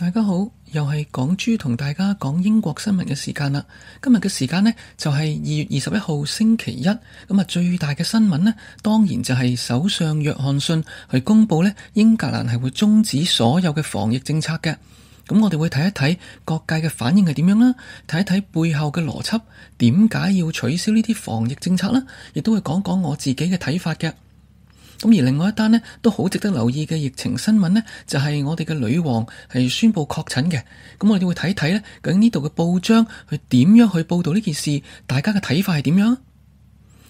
大家好，又係港豬同大家講英國新聞嘅時間啦。今日嘅時間呢，就係二月二十一號星期一，咁啊最大嘅新聞呢，當然就係首相約翰遜去公布呢英格蘭係會終止所有嘅防疫政策嘅。咁我哋會睇一睇各界嘅反應係點樣啦，睇一睇背後嘅邏輯，點解要取消呢啲防疫政策啦，亦都會講講我自己嘅睇法嘅。咁而另外一單呢，都好值得留意嘅疫情新聞呢，就係我哋嘅女王係宣布確診嘅。咁我哋會睇一睇呢，究竟呢度嘅報章去點樣去報道呢件事，大家嘅睇法係點樣？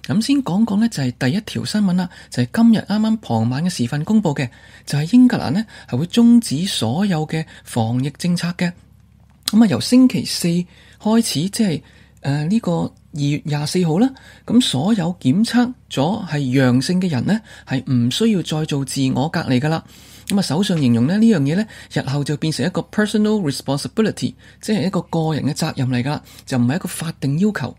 咁先講講呢，就係第一條新聞啦，就係今日啱啱傍晚嘅時分公布嘅，就係英格蘭呢，係會終止所有嘅防疫政策嘅。咁啊，由星期四開始，即係誒呢個。二月廿四號啦，咁所有檢測咗係陽性嘅人呢，係唔需要再做自我隔離噶啦。咁啊，首相形容呢呢樣嘢呢，日後就變成一個 personal responsibility，即係一個個人嘅責任嚟噶，就唔係一個法定要求。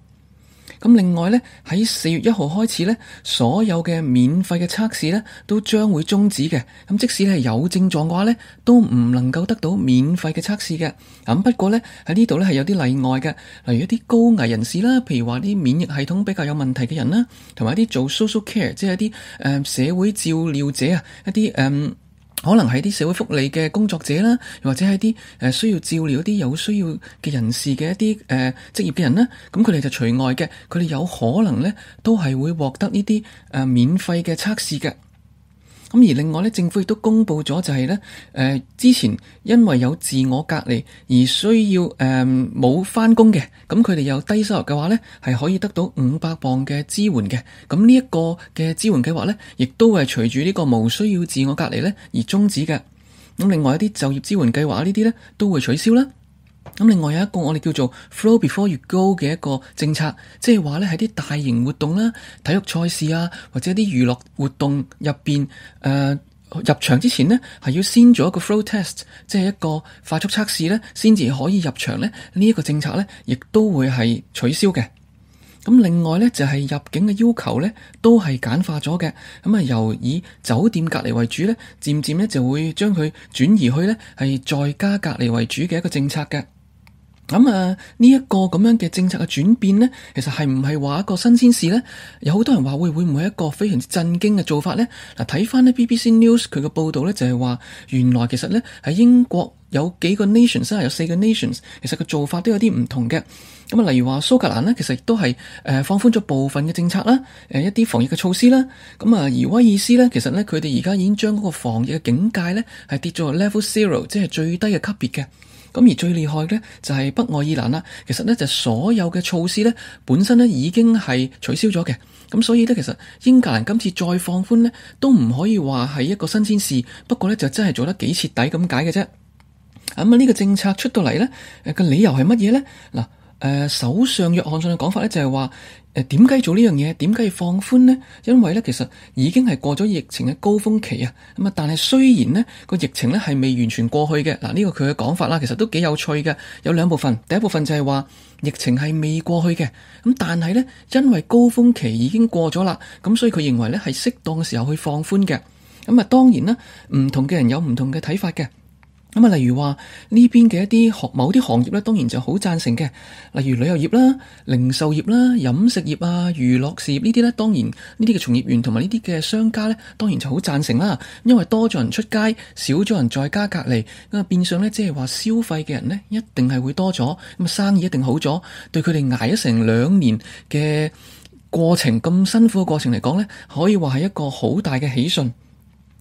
咁另外咧，喺四月一號開始咧，所有嘅免費嘅測試咧都將會終止嘅。咁即使你係有症狀嘅話咧，都唔能夠得到免費嘅測試嘅。咁不過咧，喺呢度咧係有啲例外嘅，例如一啲高危人士啦，譬如話啲免疫系統比較有問題嘅人啦，同埋一啲做 social care，即係一啲誒、呃、社會照料者啊，一啲誒。呃可能係啲社會福利嘅工作者啦，又或者係啲誒需要照料啲有需要嘅人士嘅一啲誒職業嘅人啦。咁佢哋就除外嘅，佢哋有可能咧都係會獲得呢啲誒免費嘅測試嘅。咁而另外咧，政府亦都公布咗，就是，就係咧，誒之前因為有自我隔離而需要誒冇返工嘅，咁佢哋有低收入嘅話咧，係可以得到五百磅嘅支援嘅。咁呢一個嘅支援計劃咧，亦都係隨住呢個冇需要自我隔離咧而終止嘅。咁另外一啲就業支援計劃呢啲咧，都會取消啦。咁另外有一個我哋叫做 Flow Before You Go 嘅一個政策，即係話咧喺啲大型活動啦、體育賽事啊或者啲娛樂活動入邊，誒、呃、入場之前呢，係要先做一個 Flow Test，即係一個快速測試咧，先至可以入場咧。呢、這、一個政策咧亦都會係取消嘅。咁另外咧就係入境嘅要求咧都係簡化咗嘅，咁啊由以酒店隔離為主咧，漸漸咧就會將佢轉移去咧係在家隔離為主嘅一個政策嘅。咁啊，呢一、嗯這個咁樣嘅政策嘅轉變呢，其實係唔係話一個新鮮事呢？有好多人話會會唔會一個非常之震驚嘅做法呢？嗱，睇翻呢 BBC News 佢嘅報導呢，就係話原來其實呢，喺英國有幾個 nation，即係有四個 nation，其實個做法都有啲唔同嘅。咁、嗯、啊，例如話蘇格蘭呢，其實亦都係誒、呃、放寬咗部分嘅政策啦，誒、呃、一啲防疫嘅措施啦。咁、嗯、啊，而威爾斯呢，其實呢，佢哋而家已經將嗰個防疫嘅警戒呢，係跌咗 level zero，即係最低嘅級別嘅。咁而最厲害嘅就係北愛爾蘭啦，其實呢，就所有嘅措施咧本身咧已經係取消咗嘅，咁所以呢，其實英格蘭今次再放寬呢，都唔可以話係一個新鮮事，不過呢，就真係做得幾徹底咁解嘅啫。咁啊呢、這個政策出到嚟呢，誒個理由係乜嘢呢？嗱，誒首相約翰遜嘅講法呢，就係話。誒，點解做呢樣嘢？點解要放寬呢？因為呢，其實已經係過咗疫情嘅高峰期啊。咁啊，但係雖然呢個疫情呢係未完全過去嘅，嗱、這、呢個佢嘅講法啦，其實都幾有趣嘅。有兩部分，第一部分就係話疫情係未過去嘅，咁但係呢，因為高峰期已經過咗啦，咁所以佢認為呢係適當嘅時候去放寬嘅。咁啊，當然啦，唔同嘅人有唔同嘅睇法嘅。咁啊，例如話呢邊嘅一啲學某啲行業咧，當然就好贊成嘅。例如旅遊業啦、零售業啦、飲食業啊、娛樂事業呢啲咧，當然呢啲嘅從業員同埋呢啲嘅商家咧，當然就好贊成啦。因為多咗人出街，少咗人在家隔離，咁啊變相咧，即係話消費嘅人呢，一定係會多咗，咁啊生意一定好咗，對佢哋捱咗成兩年嘅過程，咁辛苦嘅過程嚟講咧，可以話係一個好大嘅喜訊。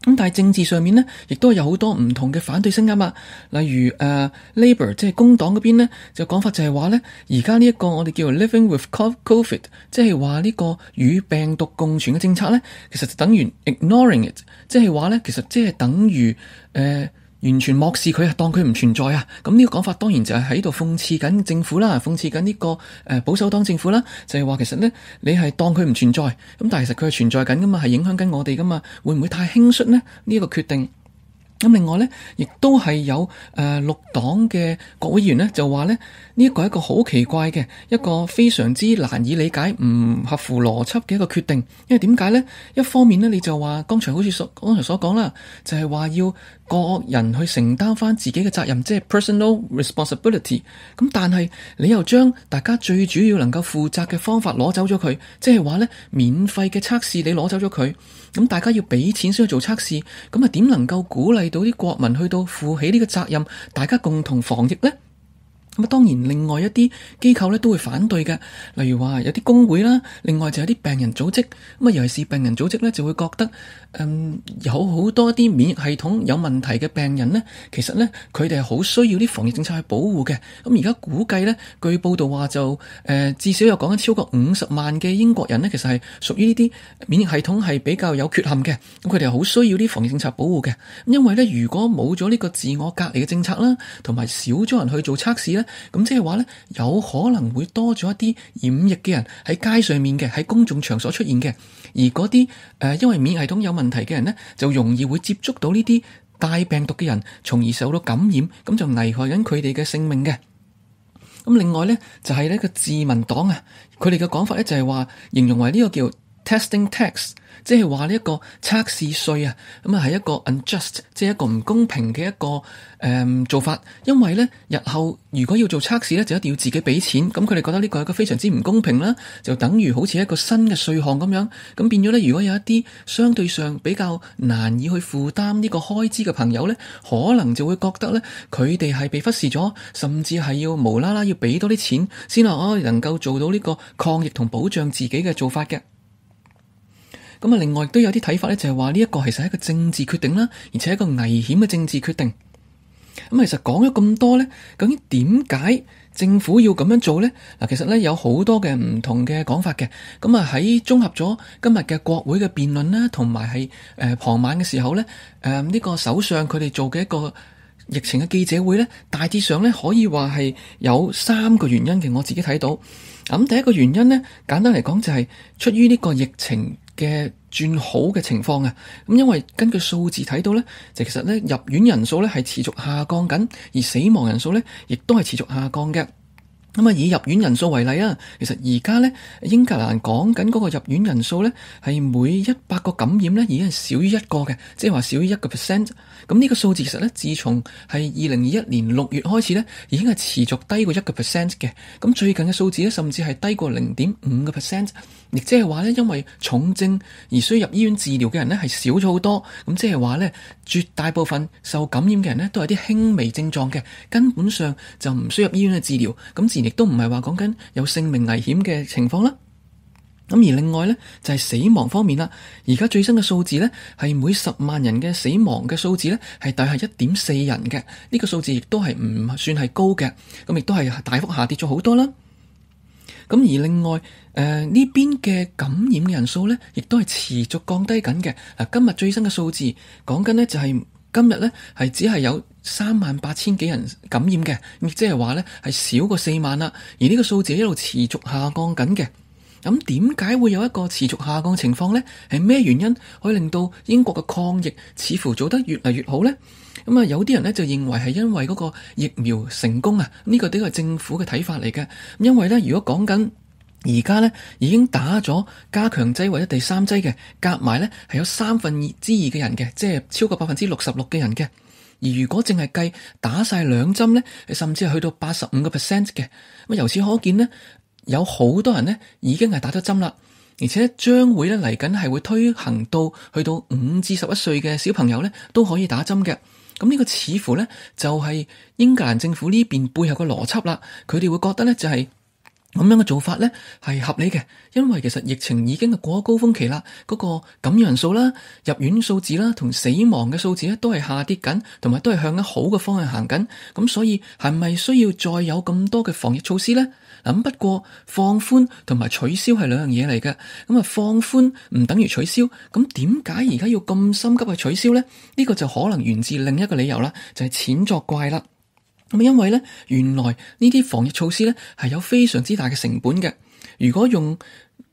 咁但係政治上面呢，亦都有好多唔同嘅反對聲音啊。例如誒、uh, Labour 即係工黨嗰邊呢，就講法就係話呢：「而家呢一個我哋叫做 Living with COVID，即係話呢個與病毒共存嘅政策呢，其實就等於 Ignoring it，即係話呢，其實即係等於誒，Uh, 完全漠視佢，當佢唔存在啊！咁、這、呢個講法當然就係喺度諷刺緊政府啦，諷刺緊呢個誒保守黨政府啦，就係、是、話其實呢，你係當佢唔存在，咁但係其實佢係存在緊噶嘛，係影響緊我哋噶嘛，會唔會太輕率呢？呢、這、一個決定。咁另外咧，亦都係有誒、呃、六黨嘅國會議員咧，就話咧呢個係一個好奇怪嘅一個非常之難以理解唔合乎邏輯嘅一個決定。因為點解咧？一方面咧，你就話剛才好似所剛才所講啦，就係、是、話要個人去承擔翻自己嘅責任，即係 personal responsibility。咁但係你又將大家最主要能夠負責嘅方法攞走咗佢，即係話咧免費嘅測試你攞走咗佢，咁大家要俾錢先去做測試，咁啊點能夠鼓勵。到啲國民去到負起呢個責任，大家共同防疫咧。咁當然，另外一啲機構咧都會反對嘅，例如話有啲工會啦，另外就有啲病人組織。咁啊，尤其是病人組織咧，就會覺得，嗯，有好多啲免疫系統有問題嘅病人咧，其實咧，佢哋係好需要啲防疫政策去保護嘅。咁而家估計咧，據報道話就，誒、呃，至少有講緊超過五十萬嘅英國人咧，其實係屬於呢啲免疫系統係比較有缺陷嘅。咁佢哋係好需要啲防疫政策保護嘅，嗯。因為咧，如果冇咗呢個自我隔離嘅政策啦，同埋少咗人去做測試咧。咁即係話咧，有可能會多咗一啲染疫嘅人喺街上面嘅，喺公眾場所出現嘅。而嗰啲誒，因為免疫系統有問題嘅人呢，就容易會接觸到呢啲帶病毒嘅人，從而受到感染，咁就危害緊佢哋嘅性命嘅。咁另外呢，就係呢個自民黨啊，佢哋嘅講法咧就係話，形容為呢個叫。Testing tax，即係話呢一個測試稅啊，咁啊係一個 unjust，即係一個唔公平嘅一個誒做法。因為咧，日後如果要做測試咧，就一定要自己俾錢。咁佢哋覺得呢個係一個非常之唔公平啦，就等於好似一個新嘅稅項咁樣。咁變咗咧，如果有一啲相對上比較難以去負擔呢個開支嘅朋友咧，可能就會覺得咧，佢哋係被忽視咗，甚至係要無啦啦要俾多啲錢先啊，能夠做到呢個抗疫同保障自己嘅做法嘅。咁啊！另外亦都有啲睇法呢，就係話呢一個其實係一個政治決定啦，而且係一個危險嘅政治決定。咁、嗯、其實講咗咁多呢，究竟點解政府要咁樣做呢？嗱，其實呢，有好多嘅唔同嘅講法嘅。咁、嗯、啊，喺綜合咗今日嘅國會嘅辯論啦，同埋係誒傍晚嘅時候呢，誒、呃、呢、呢個首相佢哋做嘅一個疫情嘅記者會呢，大致上呢，可以話係有三個原因嘅。我自己睇到咁、嗯、第一個原因呢，簡單嚟講就係、是、出於呢個疫情。嘅轉好嘅情況啊，咁因為根據數字睇到咧，就其實咧入院人數咧係持續下降緊，而死亡人數咧亦都係持續下降嘅。咁啊，以入院人數為例啊，其實而家咧，英格蘭講緊嗰個入院人數咧，係每一百個感染咧已經係少於一個嘅，即係話少於一個 percent。咁呢個數字其實咧，自從係二零二一年六月開始咧，已經係持續低過一個 percent 嘅。咁最近嘅數字咧，甚至係低過零點五個 percent，亦即係話咧，因為重症而需要入醫院治療嘅人咧係少咗好多。咁即係話咧，絕大部分受感染嘅人咧都係啲輕微症狀嘅，根本上就唔需要入醫院去治療。咁亦都唔係話講緊有性命危險嘅情況啦。咁而另外呢，就係死亡方面啦。而家最新嘅數字呢，係每十萬人嘅死亡嘅數字呢，係大約一點四人嘅。呢個數字亦都係唔算係高嘅。咁亦都係大幅下跌咗好多啦。咁而另外誒呢、呃、邊嘅感染嘅人數呢，亦都係持續降低緊嘅。啊今日最新嘅數字講緊呢，就係今日呢，係只係有。三萬八千幾人感染嘅，亦即係話呢係少過四萬啦。而呢個數字一路持續下降緊嘅，咁點解會有一個持續下降情況呢？係咩原因可以令到英國嘅抗疫似乎做得越嚟越好呢？咁、嗯、啊，有啲人呢就認為係因為嗰個疫苗成功啊，呢、這個都係政府嘅睇法嚟嘅。因為呢，如果講緊而家呢已經打咗加強劑或者第三劑嘅，夾埋呢係有三分之二嘅人嘅，即係超過百分之六十六嘅人嘅。而如果淨係計打晒兩針咧，甚至係去到八十五個 percent 嘅，咁由此可見呢，有好多人呢已經係打咗針啦，而且將會咧嚟緊係會推行到去到五至十一歲嘅小朋友咧都可以打針嘅，咁呢個似乎咧就係英格蘭政府呢邊背後嘅邏輯啦，佢哋會覺得咧就係。咁樣嘅做法呢係合理嘅，因為其實疫情已經過咗高峰期啦，嗰、嗰個感染人數啦、入院數字啦、同死亡嘅數字咧，都係下跌緊，同埋都係向一好嘅方向行緊。咁、嗯、所以係咪需要再有咁多嘅防疫措施呢？咁、嗯、不過放寬同埋取消係兩樣嘢嚟嘅。咁、嗯、啊放寬唔等於取消。咁點解而家要咁心急去取消呢？呢、呢個就可能源自另一個理由啦，就係、係、錢作怪啦。咁因為咧，原來呢啲防疫措施咧，係有非常之大嘅成本嘅。如果用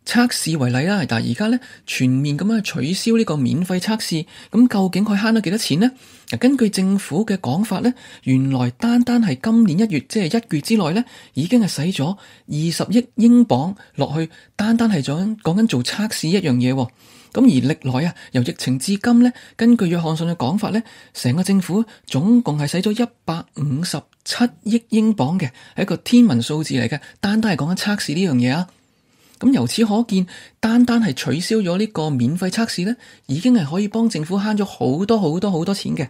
測試為例啦，但係而家咧全面咁樣取消呢個免費測試，咁究竟佢慳咗幾多錢咧？根據政府嘅講法咧，原來單單係今年一月，即係一月之內咧，已經係使咗二十億英鎊落去，單單係講緊做測試一樣嘢。咁而歷來啊，由疫情至今呢，根據約翰遜嘅講法呢，成個政府總共係使咗一百五十七億英鎊嘅，係一個天文數字嚟嘅。單單係講緊測試呢樣嘢啊，咁由此可見，單單係取消咗呢個免費測試呢，已經係可以幫政府慳咗好多好多好多錢嘅。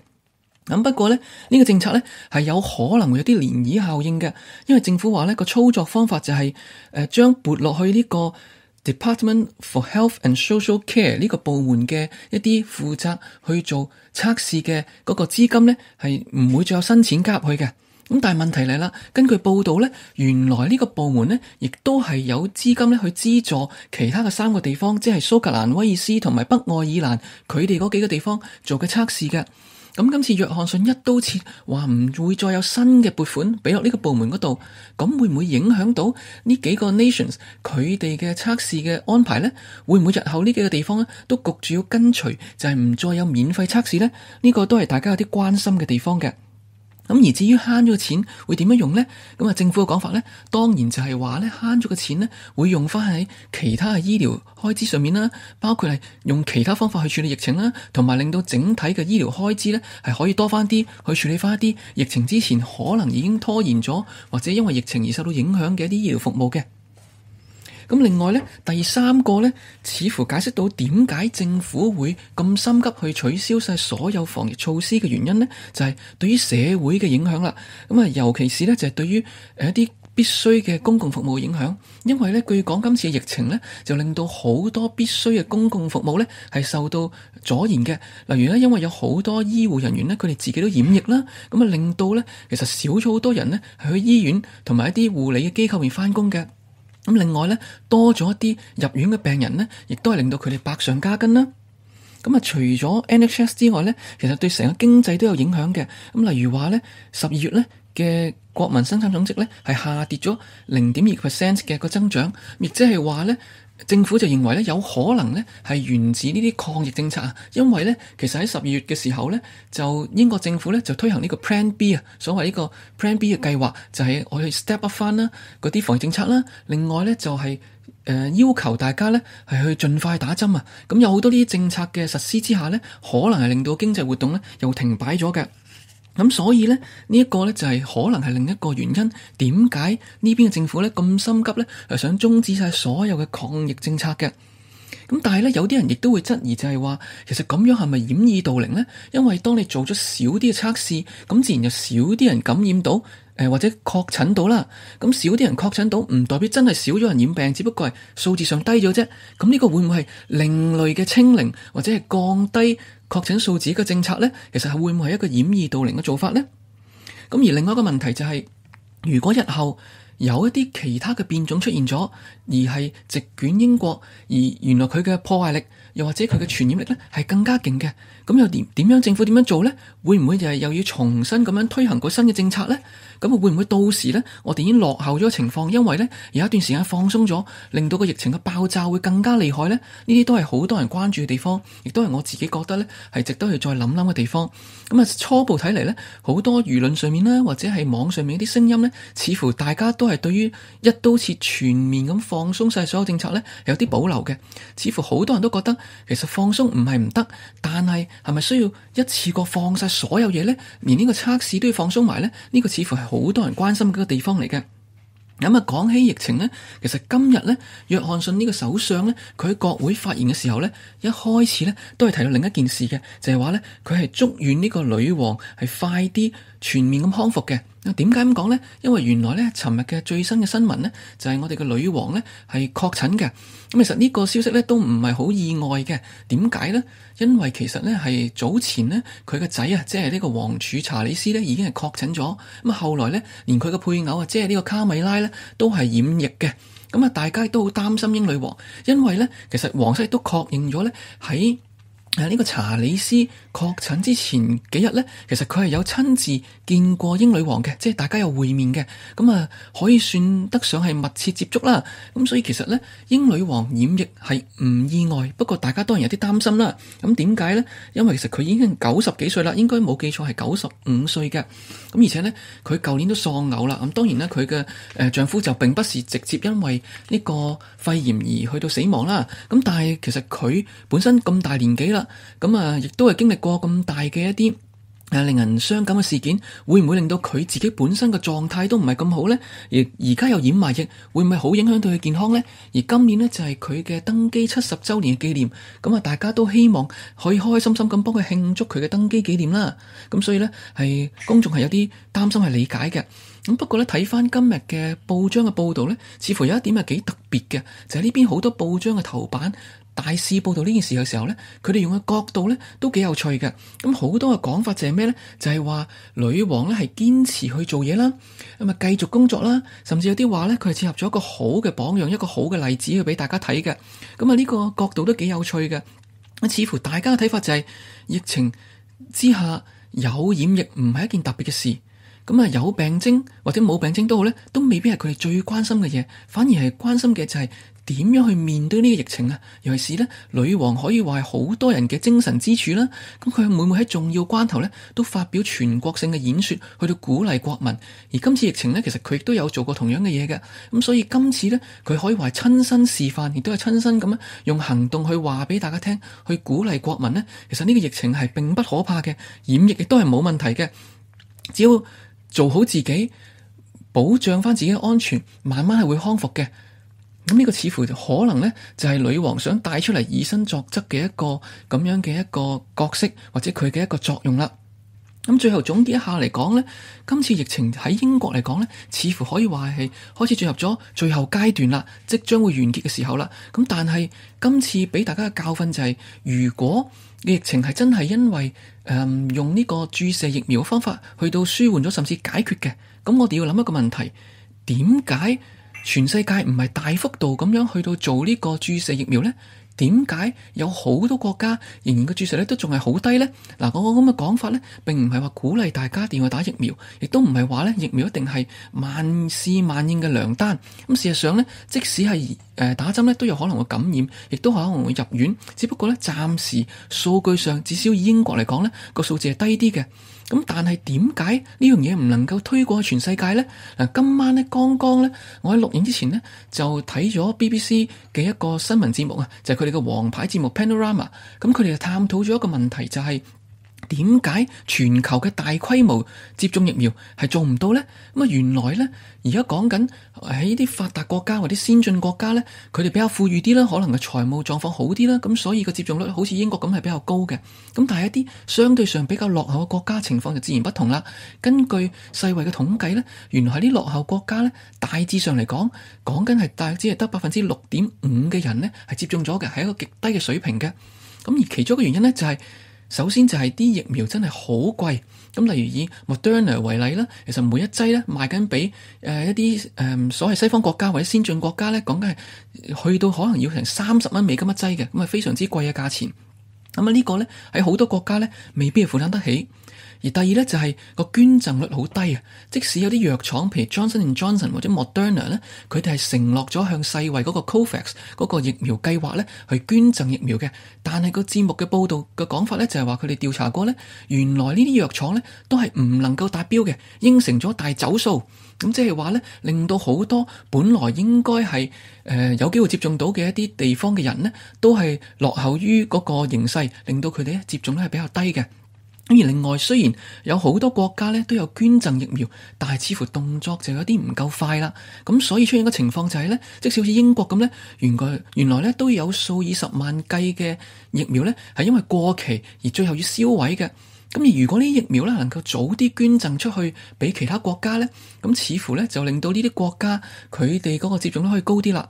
咁不過呢，呢、呢個政策呢係有可能會有啲漣漪效應嘅，因為政府話呢個操作方法就係誒將撥落去呢、呢個。Department for Health and Social Care 呢個部門嘅一啲負責去做測試嘅嗰個資金呢，係唔會再有新錢加入去嘅。咁但係問題嚟啦，根據報道呢，原來呢個部門呢，亦都係有資金呢去資助其他嘅三個地方，即係蘇格蘭、威爾斯同埋北愛爾蘭，佢哋嗰幾個地方做嘅測試嘅。咁今次約翰遜一刀切，話唔會再有新嘅撥款畀落呢個部門嗰度，咁會唔會影響到呢幾個 nations 佢哋嘅測試嘅安排呢？會唔會日後呢幾個地方咧都焗住要跟隨，就係、是、唔再有免費測試呢？呢、這個都係大家有啲關心嘅地方嘅。咁而至於慳咗嘅錢會點樣用咧？咁啊，政府嘅講法咧，當然就係話咧慳咗嘅錢咧，會用翻喺其他嘅醫療開支上面啦，包括係用其他方法去處理疫情啦，同埋令到整體嘅醫療開支咧係可以多翻啲去處理翻一啲疫情之前可能已經拖延咗或者因為疫情而受到影響嘅一啲醫療服務嘅。咁另外咧，第三個咧，似乎解釋到點解政府會咁心急去取消晒所有防疫措施嘅原因咧，就係對於社會嘅影響啦。咁啊，尤其是咧，就係對於誒一啲必須嘅公共服務嘅影響，因為咧，據講今次嘅疫情咧，就令到好多必須嘅公共服務咧，係受到阻延嘅。例如咧，因為有好多醫護人員咧，佢哋自己都染疫啦，咁啊，令到咧，其實少咗好多人咧，係去醫院同埋一啲護理嘅機構入面翻工嘅。咁另外咧，多咗一啲入院嘅病人咧，亦都係令到佢哋百上加斤啦。咁啊，除咗 NHS 之外咧，其實對成個經濟都有影響嘅。咁例如話咧，十二月咧嘅國民生產總值咧係下跌咗零點二 percent 嘅個增長，亦即係話咧。政府就認為咧，有可能咧係源自呢啲抗疫政策啊，因為咧，其實喺十二月嘅時候咧，就英國政府咧就推行呢個 Plan B 啊，所謂呢個 Plan B 嘅計劃，就係我去 step up 翻啦嗰啲防疫政策啦，另外咧就係誒、呃、要求大家咧係去盡快打針啊，咁有好多呢啲政策嘅實施之下咧，可能係令到經濟活動咧又停擺咗嘅。咁所以呢，呢、這、一個呢，就係可能係另一個原因，點解呢邊嘅政府呢咁心急呢，誒想終止晒所有嘅抗疫政策嘅？咁但係呢，有啲人亦都會質疑就，就係話其實咁樣係咪掩耳盜鈴呢？因為當你做咗少啲嘅測試，咁自然就少啲人感染到，誒、呃、或者確診到啦。咁少啲人確診到，唔代表真係少咗人染病，只不過係數字上低咗啫。咁呢個會唔會係另類嘅清零或者係降低？確診數字嘅政策呢，其實係會唔會係一個掩耳盜鈴嘅做法呢？咁而另外一個問題就係，如果日後有一啲其他嘅變種出現咗，而係席捲英國，而原來佢嘅破壞力又或者佢嘅傳染力呢，係更加勁嘅。咁又點點樣？政府點樣做呢？會唔會就係又要重新咁樣推行個新嘅政策呢？咁會唔會到時呢？我哋已經落後咗情況？因為呢有一段時間放鬆咗，令到個疫情嘅爆炸會更加厲害呢。呢啲都係好多人關注嘅地方，亦都係我自己覺得呢係值得去再諗諗嘅地方。咁啊，初步睇嚟呢，好多輿論上面啦，或者係網上面啲聲音呢，似乎大家都係對於一刀切全面咁放鬆晒所有政策呢，有啲保留嘅。似乎好多人都覺得其實放鬆唔係唔得，但係係咪需要一次過放晒所有嘢呢？連呢個測試都要放鬆埋呢？呢、呢個似乎係好多人關心嘅一個地方嚟嘅。咁啊，講起疫情呢，其實今日呢，約翰遜呢個首相呢，佢喺國會發言嘅時候呢，一開始呢都係提到另一件事嘅，就係話呢，佢係祝願呢個女王係快啲全面咁康復嘅。點解咁講呢？因為原來呢，尋日嘅最新嘅新聞呢，就係、是、我哋嘅女王呢係確診嘅。咁其實呢個消息呢都唔係好意外嘅。點解呢？因為其實呢係早前呢，佢個仔啊，即係呢個王儲查理斯呢已經係確診咗。咁後來呢，連佢嘅配偶啊，即係呢個卡米拉呢，都係染疫嘅。咁啊，大家都好擔心英女王，因為呢，其實皇室亦都確認咗呢。喺。呢個查理斯確診之前幾日呢，其實佢係有親自見過英女王嘅，即係大家有會面嘅，咁、嗯、啊可以算得上係密切接觸啦。咁、嗯、所以其實呢，英女王染疫係唔意外，不過大家當然有啲擔心啦。咁點解呢？因為其實佢已經九十幾歲啦，應該冇記錯係九十五歲嘅。咁、嗯、而且呢，佢舊年都喪偶啦。咁、嗯、當然咧，佢嘅誒丈夫就並不是直接因為呢個肺炎而去到死亡啦。咁、嗯、但係其實佢本身咁大年紀啦。咁啊，亦、嗯、都係經歷過咁大嘅一啲誒，令人傷感嘅事件，會唔會令到佢自己本身嘅狀態都唔係咁好呢？而而家又染埋疫，會唔會好影響到佢健康呢？而今年呢，就係佢嘅登基七十周年嘅紀念，咁、嗯、啊，大家都希望可以開開心心咁幫佢慶祝佢嘅登基紀念啦。咁、嗯、所以呢，係公眾係有啲擔心，係理解嘅。咁不過呢，睇翻今日嘅報章嘅報道呢，似乎有一點係幾特別嘅，就係呢邊好多報章嘅頭版。大肆報道呢件事嘅時候呢，佢哋用嘅角度呢都幾有趣嘅。咁好多嘅講法就係咩呢？就係、係、話女王呢係堅持去做嘢啦，咁啊繼續工作啦，甚至有啲話呢，佢係設立咗一個好嘅榜樣，一個好嘅例子去俾大家睇嘅。咁啊呢個角度都幾有趣嘅。咁似乎大家嘅睇法就係疫情之下有染疫唔係一件特別嘅事。咁啊有病徵或者冇病徵都好呢，都未必係佢哋最關心嘅嘢，反而係關心嘅就係、係。點樣去面對呢個疫情啊？尤其是呢，女王可以話係好多人嘅精神支柱啦。咁佢每每喺重要關頭呢，都發表全國性嘅演說，去到鼓勵國民。而今次疫情呢，其實佢亦都有做過同樣嘅嘢嘅。咁所以今次呢，佢可以話係親身示範，亦都係親身咁樣用行動去話俾大家聽，去鼓勵國民呢，其實呢個疫情係並不可怕嘅，染疫亦都係冇問題嘅。只要做好自己，保障翻自己嘅安全，慢慢係會康復嘅。咁呢個似乎可能呢，就係女王想帶出嚟以身作則嘅一個咁樣嘅一個角色，或者佢嘅一個作用啦。咁最後總結一下嚟講呢，今次疫情喺英國嚟講呢，似乎可以話係開始進入咗最後階段啦，即將會完結嘅時候啦。咁但係今次俾大家嘅教訓就係，如果疫情係真係因為誒、呃、用呢個注射疫苗嘅方法去到舒緩咗，甚至解決嘅，咁我哋要諗一個問題，點解？全世界唔係大幅度咁樣去到做呢個注射疫苗呢？點解有好多國家仍然嘅注射率都仲係好低呢？嗱，我個咁嘅講法呢，並唔係話鼓勵大家定去打疫苗，亦都唔係話呢，疫苗一定係萬事萬應嘅良丹。咁事實上呢，即使係誒打針咧都有可能會感染，亦都可能會入院。只不過呢，暫時數據上，至少以英國嚟講，呢個數字係低啲嘅。咁但係點解呢樣嘢唔能夠推廣全世界呢？嗱，今晚咧剛剛咧，我喺錄影之前咧就睇咗 BBC 嘅一個新聞節目啊，就係佢哋嘅王牌節目 Panorama。咁佢哋就探討咗一個問題，就係、是。點解全球嘅大規模接種疫苗係做唔到呢？咁啊，原來呢，而家講緊喺啲發達國家或者先進國家呢，佢哋比較富裕啲啦，可能嘅財務狀況好啲啦，咁所以個接種率好似英國咁係比較高嘅。咁但係一啲相對上比較落後嘅國家情況就自然不同啦。根據世衛嘅統計呢，原來喺啲落後國家呢，大致上嚟講，講緊係大致係得百分之六點五嘅人呢係接種咗嘅，係一個極低嘅水平嘅。咁而其中一個原因呢、就是，就係。首先就係啲疫苗真係好貴，咁例如以 Moderna 為例啦，其實每一劑咧賣緊畀誒一啲誒所謂西方國家或者先進國家咧，講緊係去到可能要成三十蚊美金一劑嘅，咁啊非常之貴嘅價錢，咁啊呢個咧喺好多國家咧未必係負擔得起。而第二咧就係個捐贈率好低啊！即使有啲藥廠，譬如 Johnson and Johnson 或者 Moderna 呢，佢哋係承諾咗向世衞嗰個 COVAX 嗰個疫苗計劃呢去捐贈疫苗嘅，但係個節目嘅報導嘅講法呢，就係話佢哋調查過呢，原來呢啲藥廠呢都係唔能夠達標嘅，應承咗大走數，咁即係話呢，令到好多本來應該係誒、呃、有機會接種到嘅一啲地方嘅人呢，都係落後於嗰個形勢，令到佢哋咧接種率係比較低嘅。咁而另外，雖然有好多國家咧都有捐贈疫苗，但係似乎動作就有啲唔夠快啦。咁所以出現嘅情況就係咧，即使好似英國咁咧，原來原來咧都有數以十萬計嘅疫苗咧係因為過期而最後要銷毀嘅。咁而如果呢啲疫苗咧能夠早啲捐贈出去俾其他國家呢，咁似乎呢，就令到呢啲國家佢哋嗰個接種率可以高啲啦。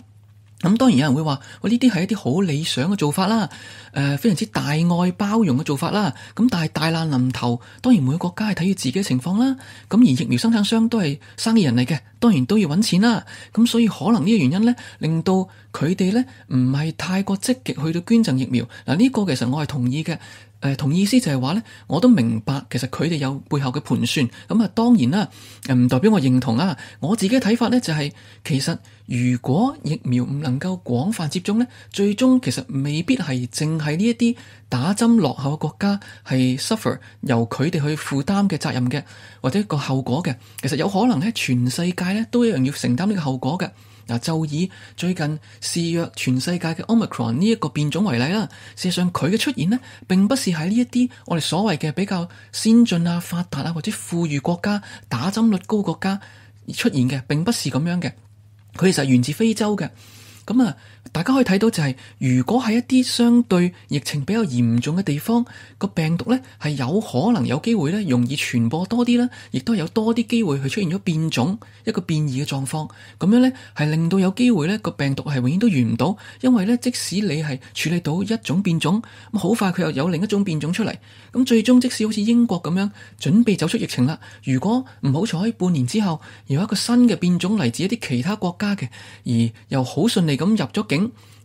咁當然有人會話：喂，呢啲係一啲好理想嘅做法啦，誒、呃、非常之大愛包容嘅做法啦。咁但係大難臨頭，當然每個國家係睇住自己嘅情況啦。咁而疫苗生產商都係生意人嚟嘅，當然都要揾錢啦。咁所以可能呢個原因呢，令到佢哋呢唔係太過積極去到捐贈疫苗嗱。呢、這個其實我係同意嘅。誒，同意思就係話咧，我都明白，其實佢哋有背後嘅盤算，咁啊，當然啦，唔代表我認同啊。我自己嘅睇法咧就係、是，其實如果疫苗唔能夠廣泛接種咧，最終其實未必係淨係呢一啲打針落後嘅國家係 suffer 由佢哋去負擔嘅責任嘅，或者個後果嘅。其實有可能喺全世界咧都一樣要承擔呢個後果嘅。嗱，就以最近肆虐全世界嘅 Omicron 呢一個變種為例啦，事實上佢嘅出現呢，並不是喺呢一啲我哋所謂嘅比較先進啊、發達啊或者富裕國家打針率高國家出現嘅，並不是咁樣嘅，佢其實係源自非洲嘅，咁啊。大家可以睇到就係、是，如果喺一啲相對疫情比較嚴重嘅地方，個病毒咧係有可能有機會咧容易傳播多啲啦，亦都有多啲機會去出現咗變種一個變異嘅狀況，咁樣咧係令到有機會咧個病毒係永遠都預唔到，因為咧即使你係處理到一種變種，咁好快佢又有另一種變種出嚟，咁最終即使好似英國咁樣準備走出疫情啦，如果唔好彩半年之後有一個新嘅變種嚟自一啲其他國家嘅，而又好順利咁入咗境。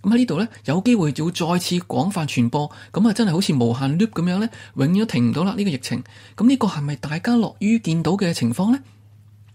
咁喺呢度呢，有機會就會再次廣泛傳播，咁啊真係好似無限 loop 咁樣呢，永遠都停唔到啦！呢個疫情，咁呢個係咪大家樂於見到嘅情況呢？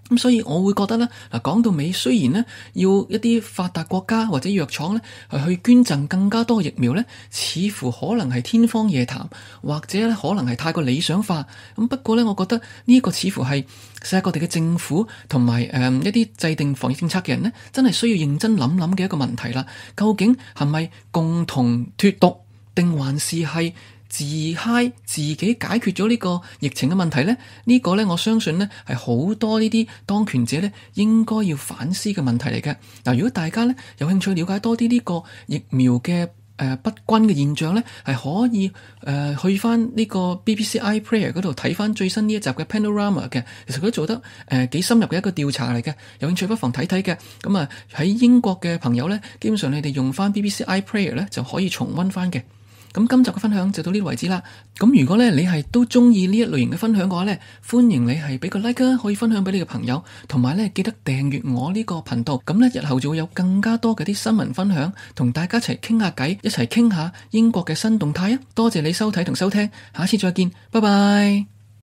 咁所以我會覺得呢，嗱講到尾，雖然呢要一啲發達國家或者藥廠呢去捐贈更加多疫苗呢，似乎可能係天方夜譚，或者呢可能係太過理想化。咁不過呢，我覺得呢個似乎係世界各地嘅政府同埋誒一啲制定防疫政策嘅人呢，真係需要認真諗諗嘅一個問題啦。究竟係咪共同脫毒，定還是係？自嗨自己解決咗呢個疫情嘅問題咧，呢、呢個呢，我相信呢係好多呢啲當權者咧應該要反思嘅問題嚟嘅。嗱，如果大家呢，有興趣了解多啲呢個疫苗嘅誒不均嘅現象呢，係可以誒、呃、去翻呢個 BBC iPlayer 嗰度睇翻最新呢一集嘅 Panorama 嘅。其實佢做得誒幾、呃、深入嘅一個調查嚟嘅，有興趣不妨睇睇嘅。咁啊喺英國嘅朋友呢，基本上你哋用翻 BBC iPlayer 呢，就可以重溫翻嘅。咁今集嘅分享就到呢度為止啦。咁如果咧你係都中意呢一類型嘅分享嘅話咧，歡迎你係俾個 like，可以分享俾你嘅朋友，同埋咧記得訂閱我呢個頻道。咁咧日後就會有更加多嘅啲新聞分享，同大家一齊傾下偈，一齊傾下英國嘅新動態啊！多謝你收睇同收聽，下次再見，拜拜。